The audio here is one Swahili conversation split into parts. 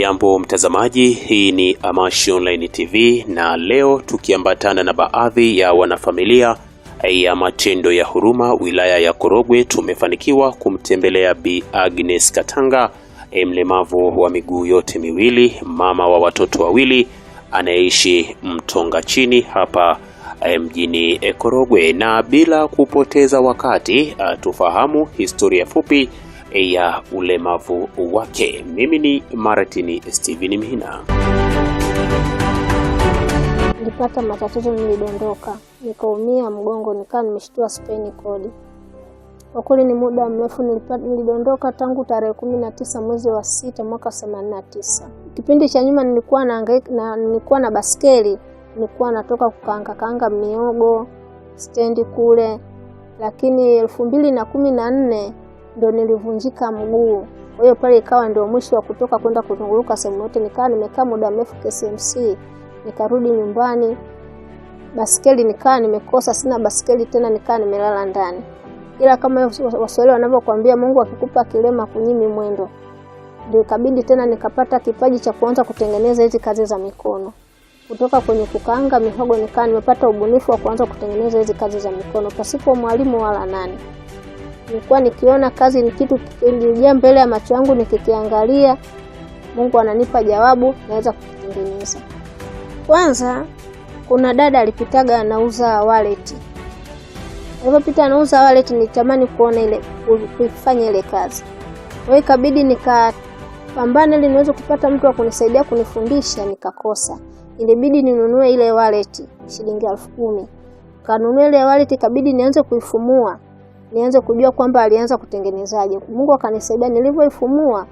Hujambo mtazamaji, hii ni Amashi Online TV na leo tukiambatana na baadhi ya wanafamilia ya matendo ya huruma wilaya ya Korogwe, tumefanikiwa kumtembelea Bi Agnes Katanga, eh, mlemavu wa miguu yote miwili, mama wa watoto wawili, anayeishi Mtonga chini hapa eh, mjini eh, Korogwe, na bila kupoteza wakati tufahamu historia fupi ya ulemavu wake. Mimi ni Martin Steven Mhina. Nilipata matatizo, nilidondoka nikaumia mgongo, nikaa nimeshtua speni kodi. Kwa kweli ni muda mrefu, nilidondoka tangu tarehe kumi na tisa mwezi wa sita mwaka themanini na tisa. Kipindi cha nyuma nilikuwa na, na, nilikuwa na baskeli, nilikuwa natoka kukaanga miogo stendi kule, lakini elfu mbili na kumi na nne ndo nilivunjika mguu. Kwa hiyo pale ikawa ndio mwisho wa kutoka kwenda kuzunguruka sehemu yote, nikawa nimekaa muda mrefu KCMC. Nikarudi nyumbani, baskeli nikawa nimekosa, sina baskeli tena, nikawa nimelala ndani. Ila kama Waswahili wanavyokuambia, Mungu akikupa kilema kunyimi mwendo, ndio ikabidi tena nikapata kipaji cha kuanza kutengeneza hizi kazi za mikono kutoka kwenye kukaanga mihogo nikawa nimepata ubunifu wa kuanza kutengeneza hizi kazi za mikono pasipo mwalimu wala nani nilikuwa nikiona kazi ni kitu kilijia mbele ya macho yangu, nikikiangalia Mungu ananipa jawabu, naweza kukitengeneza. Kwanza kuna dada alipitaga anauza wallet. Alipopita anauza wallet, nilitamani kuona ile kuifanya ile kazi. Kwa hiyo ikabidi nikapambana ili niweze kupata mtu wa kunisaidia kunifundisha, nikakosa. Ilibidi ninunue ile wallet shilingi elfu kumi. Kanunua ile wallet, ikabidi nianze kuifumua nianze kujua kwamba alianza kutengenezaje. Mungu akanisaidia, nilivyoifumua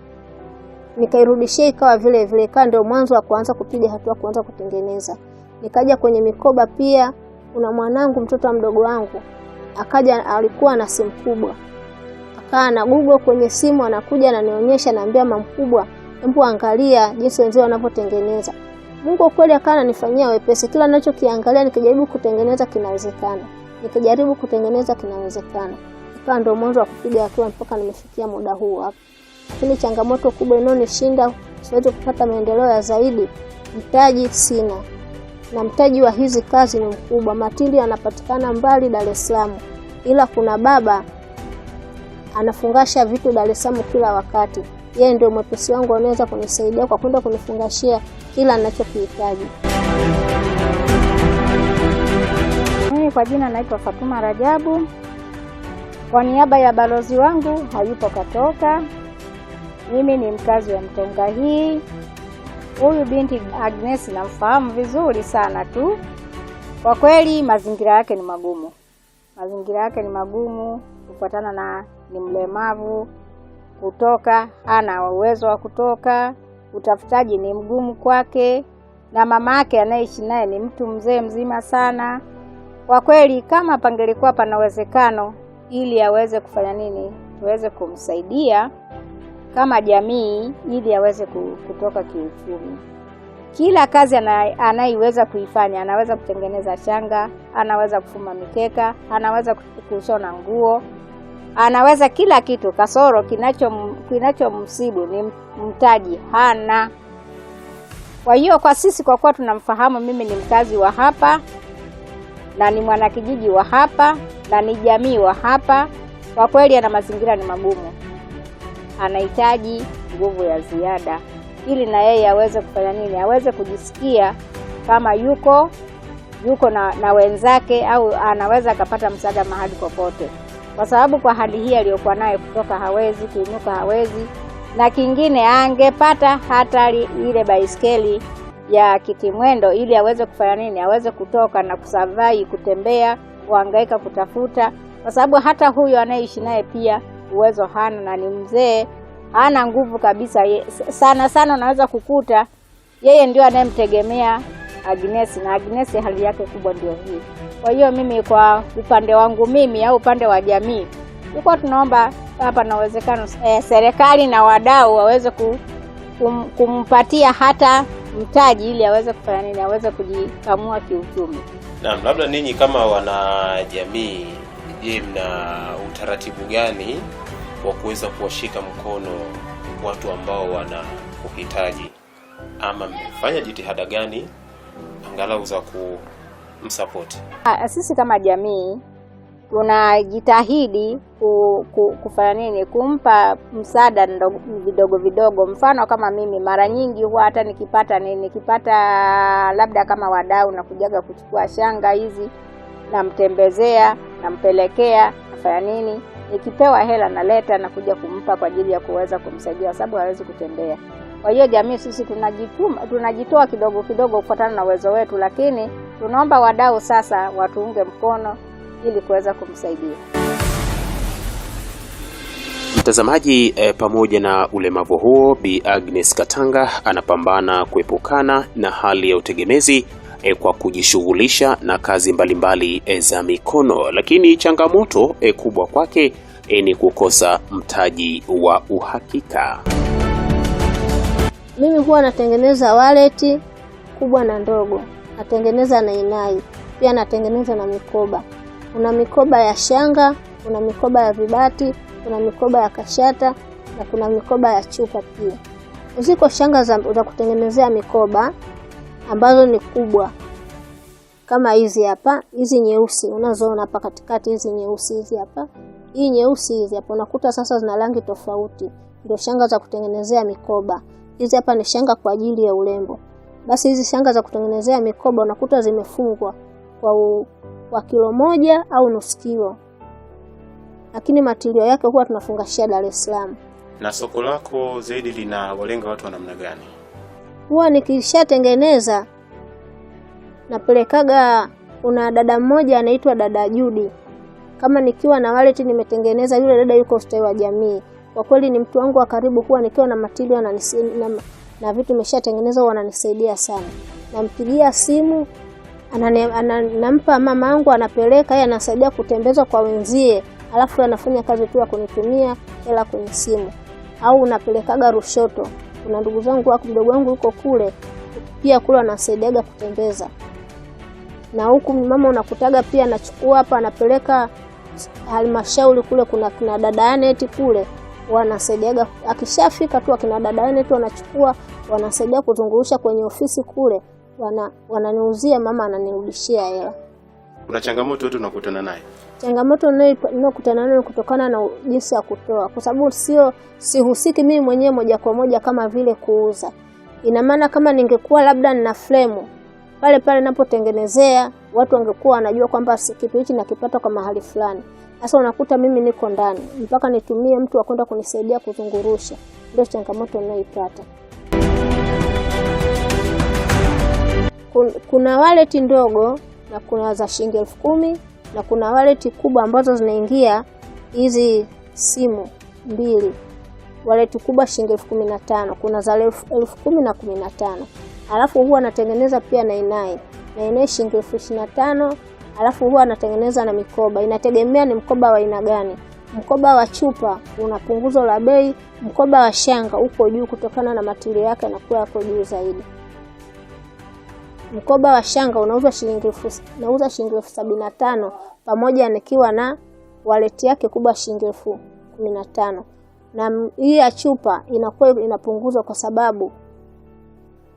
nikairudishia ikawa vile vile, ikawa ndio mwanzo wa kuanza kupiga hatua, kuanza kutengeneza. Nikaja kwenye mikoba pia, kuna mwanangu mtoto wa mdogo wangu akaja, alikuwa na simu kubwa, akaa na google kwenye simu, anakuja ananionyesha, naambia mamkubwa, hebu angalia jinsi wenzao wanavyotengeneza. Mungu kweli akawa ananifanyia wepesi, kila ninachokiangalia nikijaribu kutengeneza kinawezekana. Nikijaribu kutengeneza kinawezekana. Ikawa ndio mwanzo wa kupiga hatua mpaka nimefikia muda huu hapa. Lakini changamoto kubwa inayonishinda, siwezi kupata maendeleo ya zaidi, mtaji sina, na mtaji wa hizi kazi ni mkubwa. Matili anapatikana mbali Dar es Salaam, ila kuna baba anafungasha vitu Dar es Salaam kila wakati. Yeye ndio mwepesi wangu, anaweza kunisaidia kwa kwenda kunifungashia kila anachokihitaji kwa jina naitwa Fatuma Rajabu, kwa niaba ya balozi wangu hayupo katoka. Mimi ni mkazi wa Mtonga hii. Huyu binti Agnes namfahamu vizuri sana tu, kwa kweli mazingira yake ni magumu, mazingira yake ni magumu kufuatana na ni mlemavu, kutoka hana uwezo wa kutoka, utafutaji ni mgumu kwake, na mama yake anayeishi naye ni mtu mzee mzima sana. Kwa kweli kama pangelikuwa pana uwezekano ili aweze kufanya nini, tuweze kumsaidia kama jamii ili aweze kutoka kiuchumi. Kila kazi anayeweza kuifanya, anaweza kutengeneza shanga, anaweza kufuma mikeka, anaweza kushona nguo, anaweza kila kitu. Kasoro kinachom kinachomsibu ni mtaji hana. Kwa hiyo kwa sisi, kwa kuwa tunamfahamu, mimi ni mkazi wa hapa na ni mwanakijiji wa hapa na ni jamii wa hapa. Kwa kweli ana mazingira ni magumu, anahitaji nguvu ya ziada ili na yeye aweze kufanya nini, aweze kujisikia kama yuko yuko na, na wenzake au anaweza akapata msaada mahali popote, kwa sababu kwa hali hii aliyokuwa naye kutoka hawezi, kuinuka hawezi, na kingine angepata hatari ile baiskeli ya kitimwendo ili aweze kufanya nini, aweze kutoka na kusavai, kutembea, kuhangaika, kutafuta, kwa sababu hata huyo anayeishi naye pia uwezo hana na ni mzee, hana nguvu kabisa. Sana sana unaweza kukuta yeye ndio anayemtegemea Agnes na Agnes hali yake kubwa ndio hii. Kwa hiyo mimi kwa upande wangu mimi au upande wa jamii tulikuwa tunaomba hapa na uwezekano eh, serikali na wadau waweze kum, kumpatia hata mtaji ili aweze kufanya nini, aweze kujikamua kiuchumi. Naam, labda ninyi kama wanajamii, je, mna utaratibu gani wa kuweza kuwashika mkono watu ambao wana uhitaji ama mmefanya jitihada gani angalau za kumsapoti? Ah, sisi kama jamii tunajitahidi ku, ku, kufanya nini, kumpa msaada vidogo vidogo. Mfano kama mimi mara nyingi huwa hata nikipata nini, nikipata labda kama wadau na kujaga kuchukua shanga hizi, namtembezea, nampelekea, nafanya nini, nikipewa hela naleta na kuja kumpa kwa ajili ya kuweza kumsaidia, sababu hawezi kutembea. Kwa hiyo jamii sisi tunajituma, tunajitoa kidogo kidogo kufuatana na uwezo wetu, lakini tunaomba wadau sasa watuunge mkono ili kuweza kumsaidia mtazamaji. E, pamoja na ulemavu huo, Bi Agnes Katanga anapambana kuepukana na hali ya utegemezi E, kwa kujishughulisha na kazi mbalimbali mbali, eh, e, za mikono, lakini changamoto e, kubwa kwake e, ni kukosa mtaji wa uhakika. Mimi huwa natengeneza waleti kubwa na ndogo, natengeneza nainai, pia natengeneza na mikoba. Kuna mikoba ya shanga, kuna mikoba ya vibati, kuna mikoba ya kashata na kuna mikoba ya chupa pia. Ziko shanga za, za kutengenezea mikoba ambazo ni kubwa kama hizi hapa, hizi nyeusi unazoona hapa katikati, hizi nyeusi hizi hapa, hii nyeusi hizi hapa, unakuta sasa zina rangi tofauti, ndio shanga za kutengenezea mikoba. Hizi hapa ni shanga kwa ajili ya urembo. Basi hizi shanga za kutengenezea mikoba unakuta zimefungwa kwa u wa kilo moja au nusu kilo, lakini matilio yake huwa tunafungashia Dar es Salaam. Na soko lako zaidi lina walenga watu wa namna gani? Huwa nikishatengeneza napelekaga, kuna dada mmoja anaitwa dada Judi. Kama nikiwa na wallet nimetengeneza, yule dada yuko ustawi wa jamii. Kwa kweli ni mtu wangu wa karibu, huwa nikiwa na matilio na, na, na vitu nimeshatengeneza huwa ananisaidia sana, nampigia simu anampa mama yangu, anapeleka yeye, anasaidia kutembezwa kwa wenzie, alafu anafanya kazi tu ya kunitumia hela kwenye simu. Au unapelekaga Rushoto, kuna ndugu zangu wako, mdogo wangu yuko kule pia, kule anasaidiaga kutembeza na huku mama unakutaga pia anachukua hapa anapeleka halmashauri kule, kuna kina dada Aneti kule wanasaidiaga. Akishafika tu akina dada Aneti wanachukua wanasaidia kuzungurusha kwenye ofisi kule wana wananiuzia, mama ananirudishia hela. Kuna changamoto yote unakutana nayo? Changamoto ninayokutana nayo kutokana na jinsi ya kutoa, kwa sababu sio sihusiki mimi mwenyewe moja kwa moja kama vile kuuza. Ina maana kama ningekuwa labda nina fremu pale pale napotengenezea watu wangekuwa wanajua kwamba kitu hichi nakipata kwa mahali fulani. Sasa unakuta mimi niko ndani mpaka nitumie mtu wa kwenda kunisaidia kuzungurusha, ndio changamoto ninayoipata kuna waleti ndogo na kuna za shilingi elfu kumi na kuna waleti kubwa ambazo zinaingia hizi simu mbili. Waleti kubwa shilingi elfu kumi na tano kuna za elfu kumi na kumi na tano alafu huwa anatengeneza pia na inai na inai shilingi elfu ishirini na tano alafu huwa anatengeneza na mikoba, inategemea ni mkoba wa aina gani. Mkoba wa chupa una punguzo la bei, mkoba wa shanga uko juu kutokana na matirio yake yanakuwa yako juu zaidi. Mkoba wa shanga unauzwa shilingi elfu, nauza shilingi elfu sabini na tano pamoja nikiwa na waleti yake kubwa shilingi elfu kumi na tano na hii ya chupa inakuwa inapunguzwa kwa sababu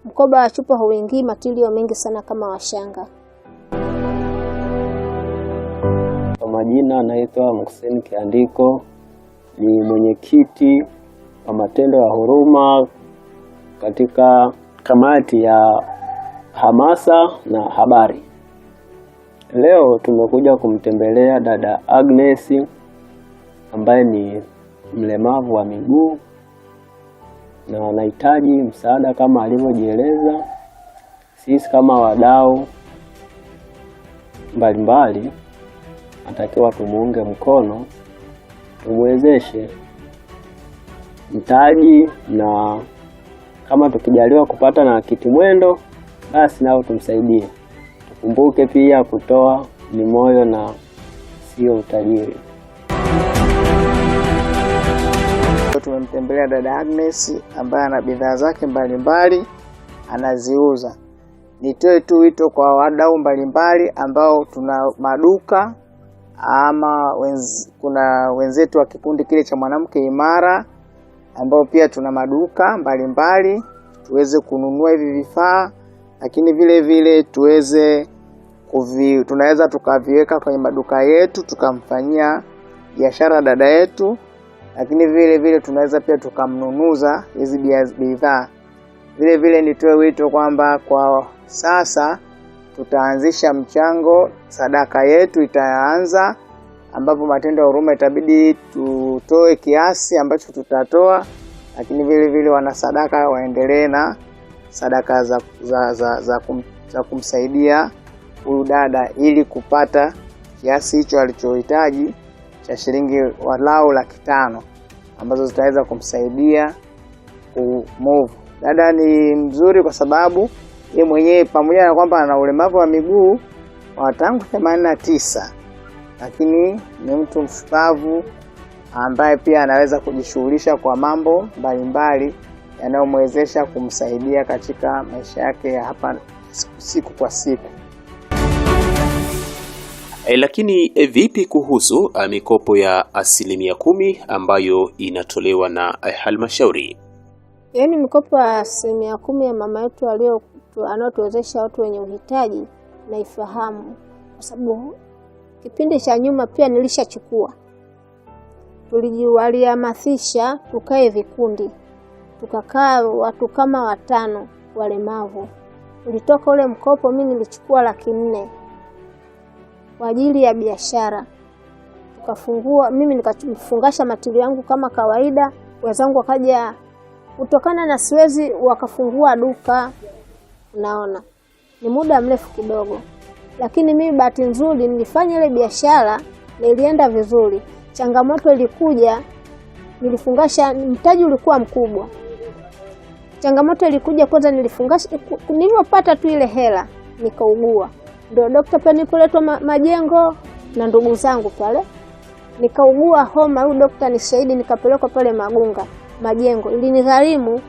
mkoba wa chupa hauingii matilio mengi sana kama wa shanga. Kwa majina anaitwa Mohsen Kiandiko, ni mwenyekiti wa matendo ya huruma katika kamati ya hamasa na habari. Leo tumekuja kumtembelea dada Agnes ambaye ni mlemavu wa miguu na anahitaji msaada kama alivyojieleza. Sisi kama wadau mbalimbali natakiwa tumuunge mkono, tumwezeshe mtaji, na kama tukijaliwa kupata na kiti mwendo basi nao tumsaidie. Tukumbuke pia kutoa ni moyo na sio utajiri. Tumemtembelea dada Agnes ambaye ana bidhaa zake mbalimbali anaziuza. Nitoe tu wito kwa wadau mbalimbali ambao tuna maduka ama wenz, kuna wenzetu wa kikundi kile cha mwanamke imara ambao pia tuna maduka mbalimbali tuweze kununua hivi vifaa lakini vile vile tuweze kuvi, tunaweza tukaviweka kwenye maduka yetu tukamfanyia biashara dada yetu, lakini vile vile tunaweza pia tukamnunuza hizi bidhaa. Vile vile nitoe wito kwamba kwa sasa tutaanzisha mchango, sadaka yetu itaanza, ambapo matendo ya huruma itabidi tutoe kiasi ambacho tutatoa, lakini vile vile wanasadaka waendelee na sadaka za, za, za, za, kum, za kumsaidia huyu dada ili kupata kiasi hicho alichohitaji cha shilingi walau laki tano ambazo zitaweza kumsaidia kumove. Dada ni mzuri kwa sababu yeye mwenyewe pamoja na kwamba ana ulemavu wa miguu wa tangu themanini na tisa lakini ni mtu mshupavu ambaye pia anaweza kujishughulisha kwa mambo mbalimbali mbali yanayomwezesha kumsaidia katika maisha yake ya hapa siku kwa siku. E, lakini e, vipi kuhusu eh, mikopo ya asilimia kumi ambayo inatolewa na halmashauri? Yaani mikopo ya asilimia kumi ya mama yetu alio anaotuwezesha watu wenye uhitaji naifahamu, kwa sababu kipindi cha nyuma pia nilishachukua, tuliwalihamasisha tukae vikundi tukakaa watu kama watano walemavu. Ulitoka ule mkopo, mimi nilichukua laki nne kwa ajili ya biashara, tukafungua, mimi nikafungasha matili yangu kama kawaida, wenzangu wakaja kutokana na siwezi, wakafungua duka. Unaona, ni muda mrefu kidogo, lakini mimi bahati nzuri nilifanya ile biashara nilienda vizuri. Changamoto ilikuja, nilifungasha, mtaji ulikuwa mkubwa. Changamoto ilikuja kwanza, nilifungasha nilivyopata tu ile hela nikaugua, ndio dokta pia nilipoletwa ma, majengo na ndugu zangu pale, nikaugua homa. Huyu dokta ni shahidi, nikapelekwa pale Magunga majengo, ilinigharimu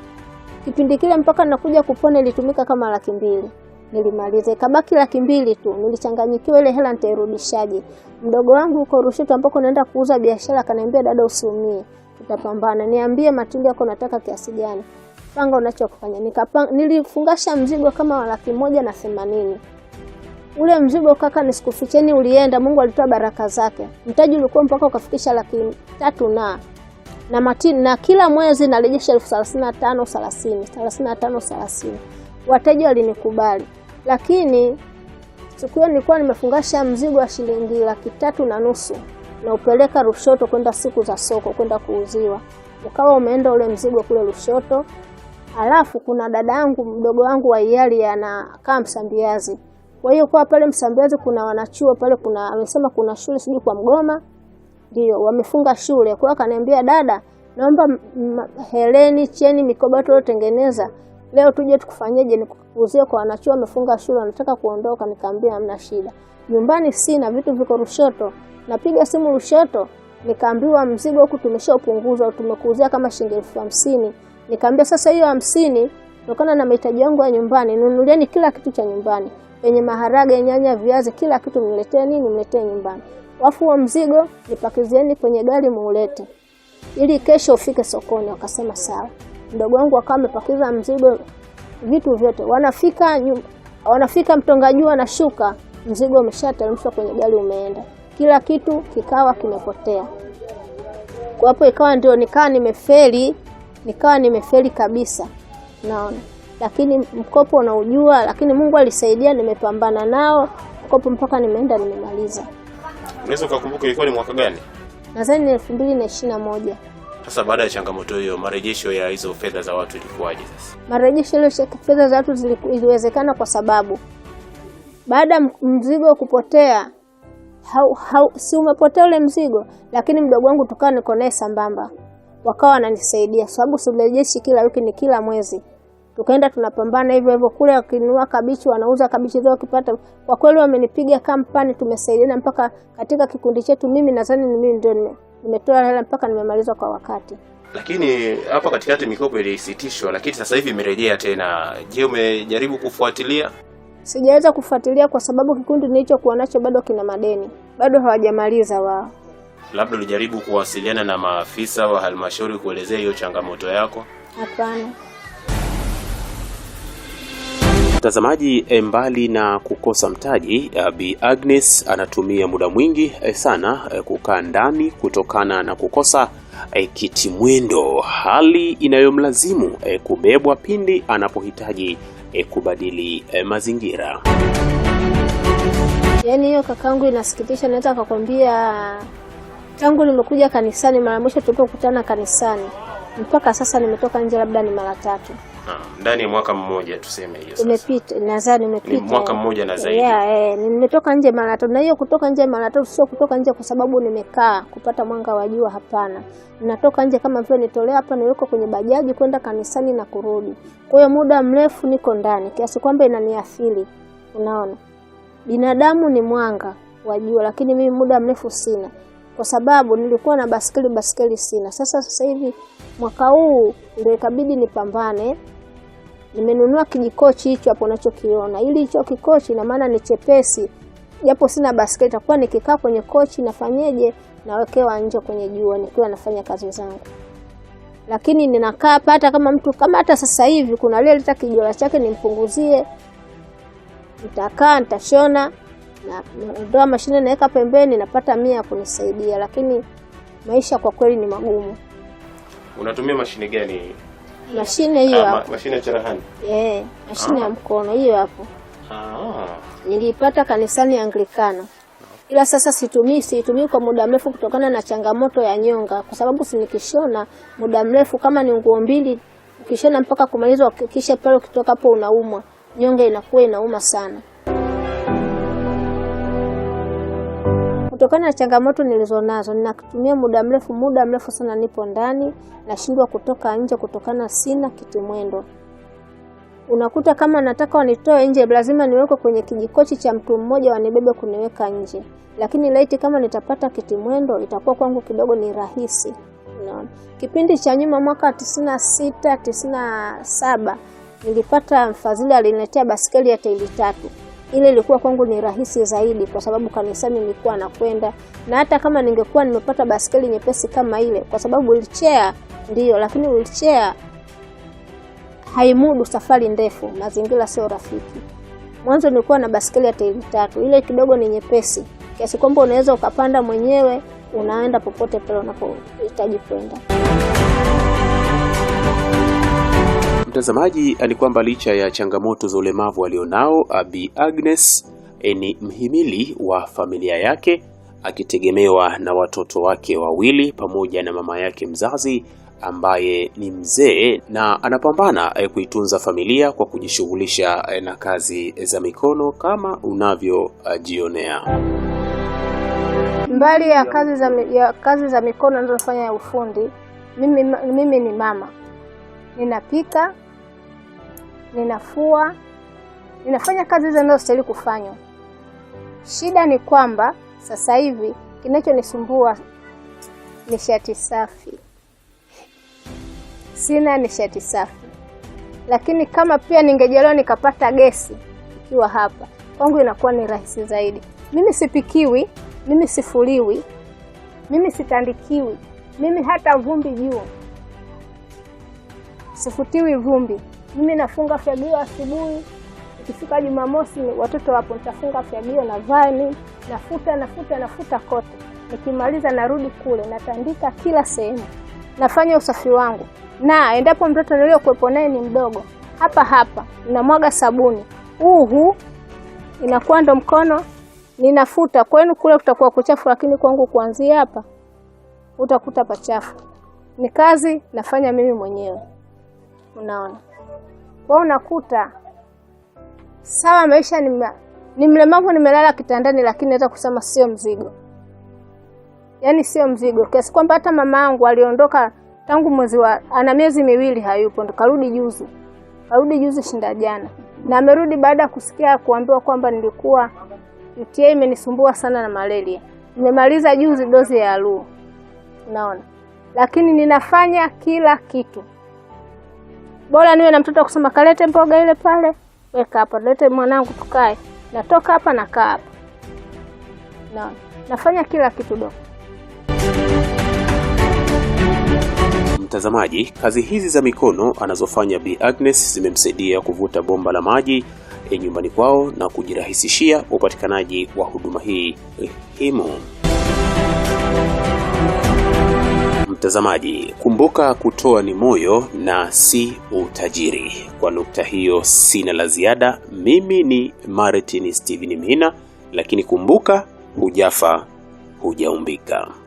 kipindi kile mpaka nakuja kupona, ilitumika kama laki mbili nilimaliza ikabaki laki mbili tu. Nilichanganyikiwa ile hela nitairudishaje? Mdogo wangu uko Rushito ambako naenda kuuza biashara, akaniambia dada, usiumie, tutapambana, niambie matunda yako nataka kiasi gani panga unachokifanya. Nikapanga, nilifungasha mzigo kama wa laki moja na themanini. Ule mzigo kaka, nisikuficheni, ulienda. Mungu alitoa baraka zake, mtaji ulikuwa mpaka ukafikisha laki tatu na na matini, na kila mwezi narejesha elfu thelathini na tano thelathini thelathini na tano thelathini. Wateja walinikubali, lakini siku hiyo nilikuwa nimefungasha mzigo wa shilingi laki tatu na nusu na upeleka Lushoto kwenda siku za soko kwenda kuuziwa, ukawa umeenda ule mzigo kule Lushoto. Halafu kuna dada yangu mdogo wangu wa hiari anakaa Msambiazi. Kwa hiyo kwa pale Msambiazi kuna wanachuo pale, kuna amesema kuna shule sijui kwa Mgoma ndio wamefunga shule. Kwa hiyo akaniambia, dada, naomba heleni, cheni, mikoba tuliotengeneza leo tuje tukufanyeje, nikuuzie kwa wanachuo wamefunga shule, wanataka kuondoka. Nikamwambia hamna shida, nyumbani sina vitu, viko Rushoto. Napiga simu Rushoto, nikaambiwa mzigo huku tumeshaupunguza, tumekuuzia kama shilingi elfu hamsini. Nikamwambia sasa, hiyo hamsini kutokana na mahitaji yangu ya nyumbani, nunulieni kila kitu cha nyumbani, yenye maharage, nyanya, viazi, kila kitu mniletee nini, mletee nyumbani, wafu wa mzigo nipakizieni kwenye gari muulete, ili kesho ufike sokoni. Wakasema sawa. Mdogo wangu akawa amepakiza mzigo, vitu vyote. Wanafika wanafika mtonga juu, anashuka, mzigo umeshateremshwa kwenye gari, umeenda, kila kitu kikawa kimepotea. Kwa hapo ikawa ndio nikaa nimefeli nikawa nimefeli kabisa, naona lakini mkopo unaujua, lakini Mungu alisaidia, nimepambana nao mkopo mpaka nimeenda nimemaliza. Unaweza ukakumbuka ilikuwa ni mwaka gani? Nadhani ni elfu mbili na ishirini na moja. Sasa baada ya changamoto hiyo, marejesho ya hizo fedha za watu ilikuwaje? Sasa marejesho ile fedha za watu iliwezekana kwa sababu baada ya mzigo kupotea hau, hau, si umepotea ule mzigo, lakini mdogo wangu tukawa niko naye sambamba wakawa wananisaidia, sababu sirejeshi kila wiki, ni kila mwezi. Tukaenda tunapambana hivyo hivyo, kule wakinunua kabichi, wanauza kabichi zao wakipata. Kwa kweli wamenipiga kampani, tumesaidiana mpaka katika kikundi chetu. Mimi nadhani ni mimi ndio nimetoa hela mpaka nimemaliza kwa wakati. Lakini hapa katikati mikopo ilisitishwa, lakini sasa hivi imerejea tena. Je, umejaribu kufuatilia? Sijaweza kufuatilia kwa sababu kikundi nilichokuwa nacho bado kina madeni, bado hawajamaliza wao labda ulijaribu kuwasiliana na maafisa wa halmashauri kuelezea hiyo changamoto yako? Hapana. Mtazamaji, eh, mbali na kukosa mtaji, eh, Bi Agnes anatumia muda mwingi eh, sana kukaa ndani kutokana na kukosa kiti mwendo, hali inayomlazimu kubebwa pindi anapohitaji kubadili mazingira. Yaani hiyo kakangu inasikitisha, naweza akakwambia Tangu nimekuja kanisani, mara mwisho tulipokutana kanisani mpaka sasa nimetoka nje labda ni mara tatu ah, ndani ya mwaka mmoja tuseme hiyo sasa. Imepita nadhani imepita. Ni mwaka mmoja na zaidi. Yeah, eh, nimetoka nje mara tatu na hiyo kutoka nje mara tatu sio kutoka nje kwa sababu nimekaa kupata mwanga wa jua hapana. Natoka nje kama vile nitolea hapa niweko kwenye bajaji kwenda kanisani na kurudi. Kwa hiyo muda mrefu niko ndani kiasi kwamba inaniathiri. Unaona? Binadamu ni mwanga wa jua lakini mimi muda mrefu sina kwa sababu nilikuwa na baskeli, baskeli sina. Sasa sasa hivi mwaka huu ndio ikabidi nipambane, nimenunua kijikochi hicho hapo unachokiona, ili hicho kikochi na maana ni chepesi, japo sina baskeli, takuwa nikikaa kwenye kochi nafanyeje? Nawekewa nje kwenye jua nikiwa nafanya kazi zangu lakini ninakaa hata kama mtu kama hata sasa hivi kuna aliyeleta kijola chake nimpunguzie, nitakaa nitashona na ondoa mashine naweka pembeni, napata mia ya kunisaidia, lakini maisha kwa kweli ni magumu. Unatumia mashine gani? Mashine hiyo ah, hapo, mashine ya cherehani eh, mashine ya ah. mkono hiyo hapo. Ah, niliipata kanisani Anglikana, ila sasa situmii, situmii kwa muda mrefu kutokana na changamoto ya nyonga, kwa sababu si nikishona muda mrefu, kama ni nguo mbili ukishona mpaka kumaliza, kisha pale ukitoka hapo unaumwa, nyonga inakuwa inauma sana. Kutokana na changamoto nilizonazo, ninatumia muda mrefu muda mrefu sana, nipo ndani, nashindwa kutoka nje kutokana sina mwendo. Unakuta kama nataka wanitoe nje, lazima niwekwe kwenye kijikochi cha mtu mmoja, wanibebe kuniweka nje. Lakini laiti kama nitapata mwendo itakuwa kwangu kidogo ni rahisi. No. Kipindi cha nyuma mwaka tisini na sita tisini na saba nilipata mfadhili aliniletea baskeli ya tairi tatu ile ilikuwa kwangu ni rahisi zaidi, kwa sababu kanisani nilikuwa nakwenda, na hata kama ningekuwa nimepata baskeli nyepesi kama ile, kwa sababu wheelchair ndiyo, lakini wheelchair haimudu safari ndefu, mazingira sio rafiki. Mwanzo nilikuwa na baskeli ya tairi tatu, ile kidogo ni nyepesi kiasi kwamba unaweza ukapanda mwenyewe, unaenda popote pale unapohitaji kwenda mtazamaji, alikuwa kwamba licha ya changamoto za ulemavu alionao, Abi Agnes e, ni mhimili wa familia yake akitegemewa na watoto wake wawili pamoja na mama yake mzazi ambaye ni mzee na anapambana e, kuitunza familia kwa kujishughulisha e, na kazi za mikono kama unavyojionea. Mbali ya kazi za, ya kazi za mikono ninazofanya ya ufundi, mimi, mimi ni mama, ninapika, ninafua, ninafanya kazi hizo zinazostahili kufanywa. Shida ni kwamba sasa hivi kinachonisumbua nishati safi, sina nishati safi. Lakini kama pia ningejaliwa nikapata gesi ikiwa hapa kwangu, inakuwa ni rahisi zaidi. Mimi sipikiwi, mimi sifuliwi, mimi sitandikiwi, mimi hata vumbi juu sifutiwi vumbi. Mimi nafunga fyagio asubuhi, ikifika Jumamosi watoto wapo, nitafunga fyagio na vani, nafuta nafuta nafuta kote. Nikimaliza narudi kule, natandika kila sehemu, nafanya usafi wangu, na endapo mtoto niliokuwepo naye ni mdogo, hapa hapa namwaga sabuni, uhu inakuwa ndo mkono ninafuta. Kwenu kule kutakuwa kuchafu, lakini kwangu kuanzia hapa utakuta pachafu. Ni kazi nafanya mimi mwenyewe, unaona. Kwa unakuta sawa, maisha ni mlemavu, nimelala kitandani, lakini naweza kusema sio mzigo, yaani sio mzigo, kiasi kwamba hata mama yangu aliondoka tangu mwezi wa, ana miezi miwili hayupo, ndo karudi juzi, karudi juzi shinda jana, na amerudi baada ya kusikia kuambiwa kwamba nilikuwa UTI imenisumbua sana na malaria. Nimemaliza juzi dozi ya aluu, unaona, lakini ninafanya kila kitu bora niwe na mtoto wa kusema kalete mboga ile pale, weka hapa, lete mwanangu tukae, natoka hapa nakaa hapa na nafanya kila kitu do Mtazamaji, kazi hizi za mikono anazofanya Bi Agnes zimemsaidia kuvuta bomba la maji eh, nyumbani kwao na kujirahisishia upatikanaji wa huduma hii muhimu. Eh, mtazamaji, kumbuka kutoa ni moyo na si utajiri. Kwa nukta hiyo sina la ziada. Mimi ni Martin Steven Mhina, lakini kumbuka, hujafa hujaumbika.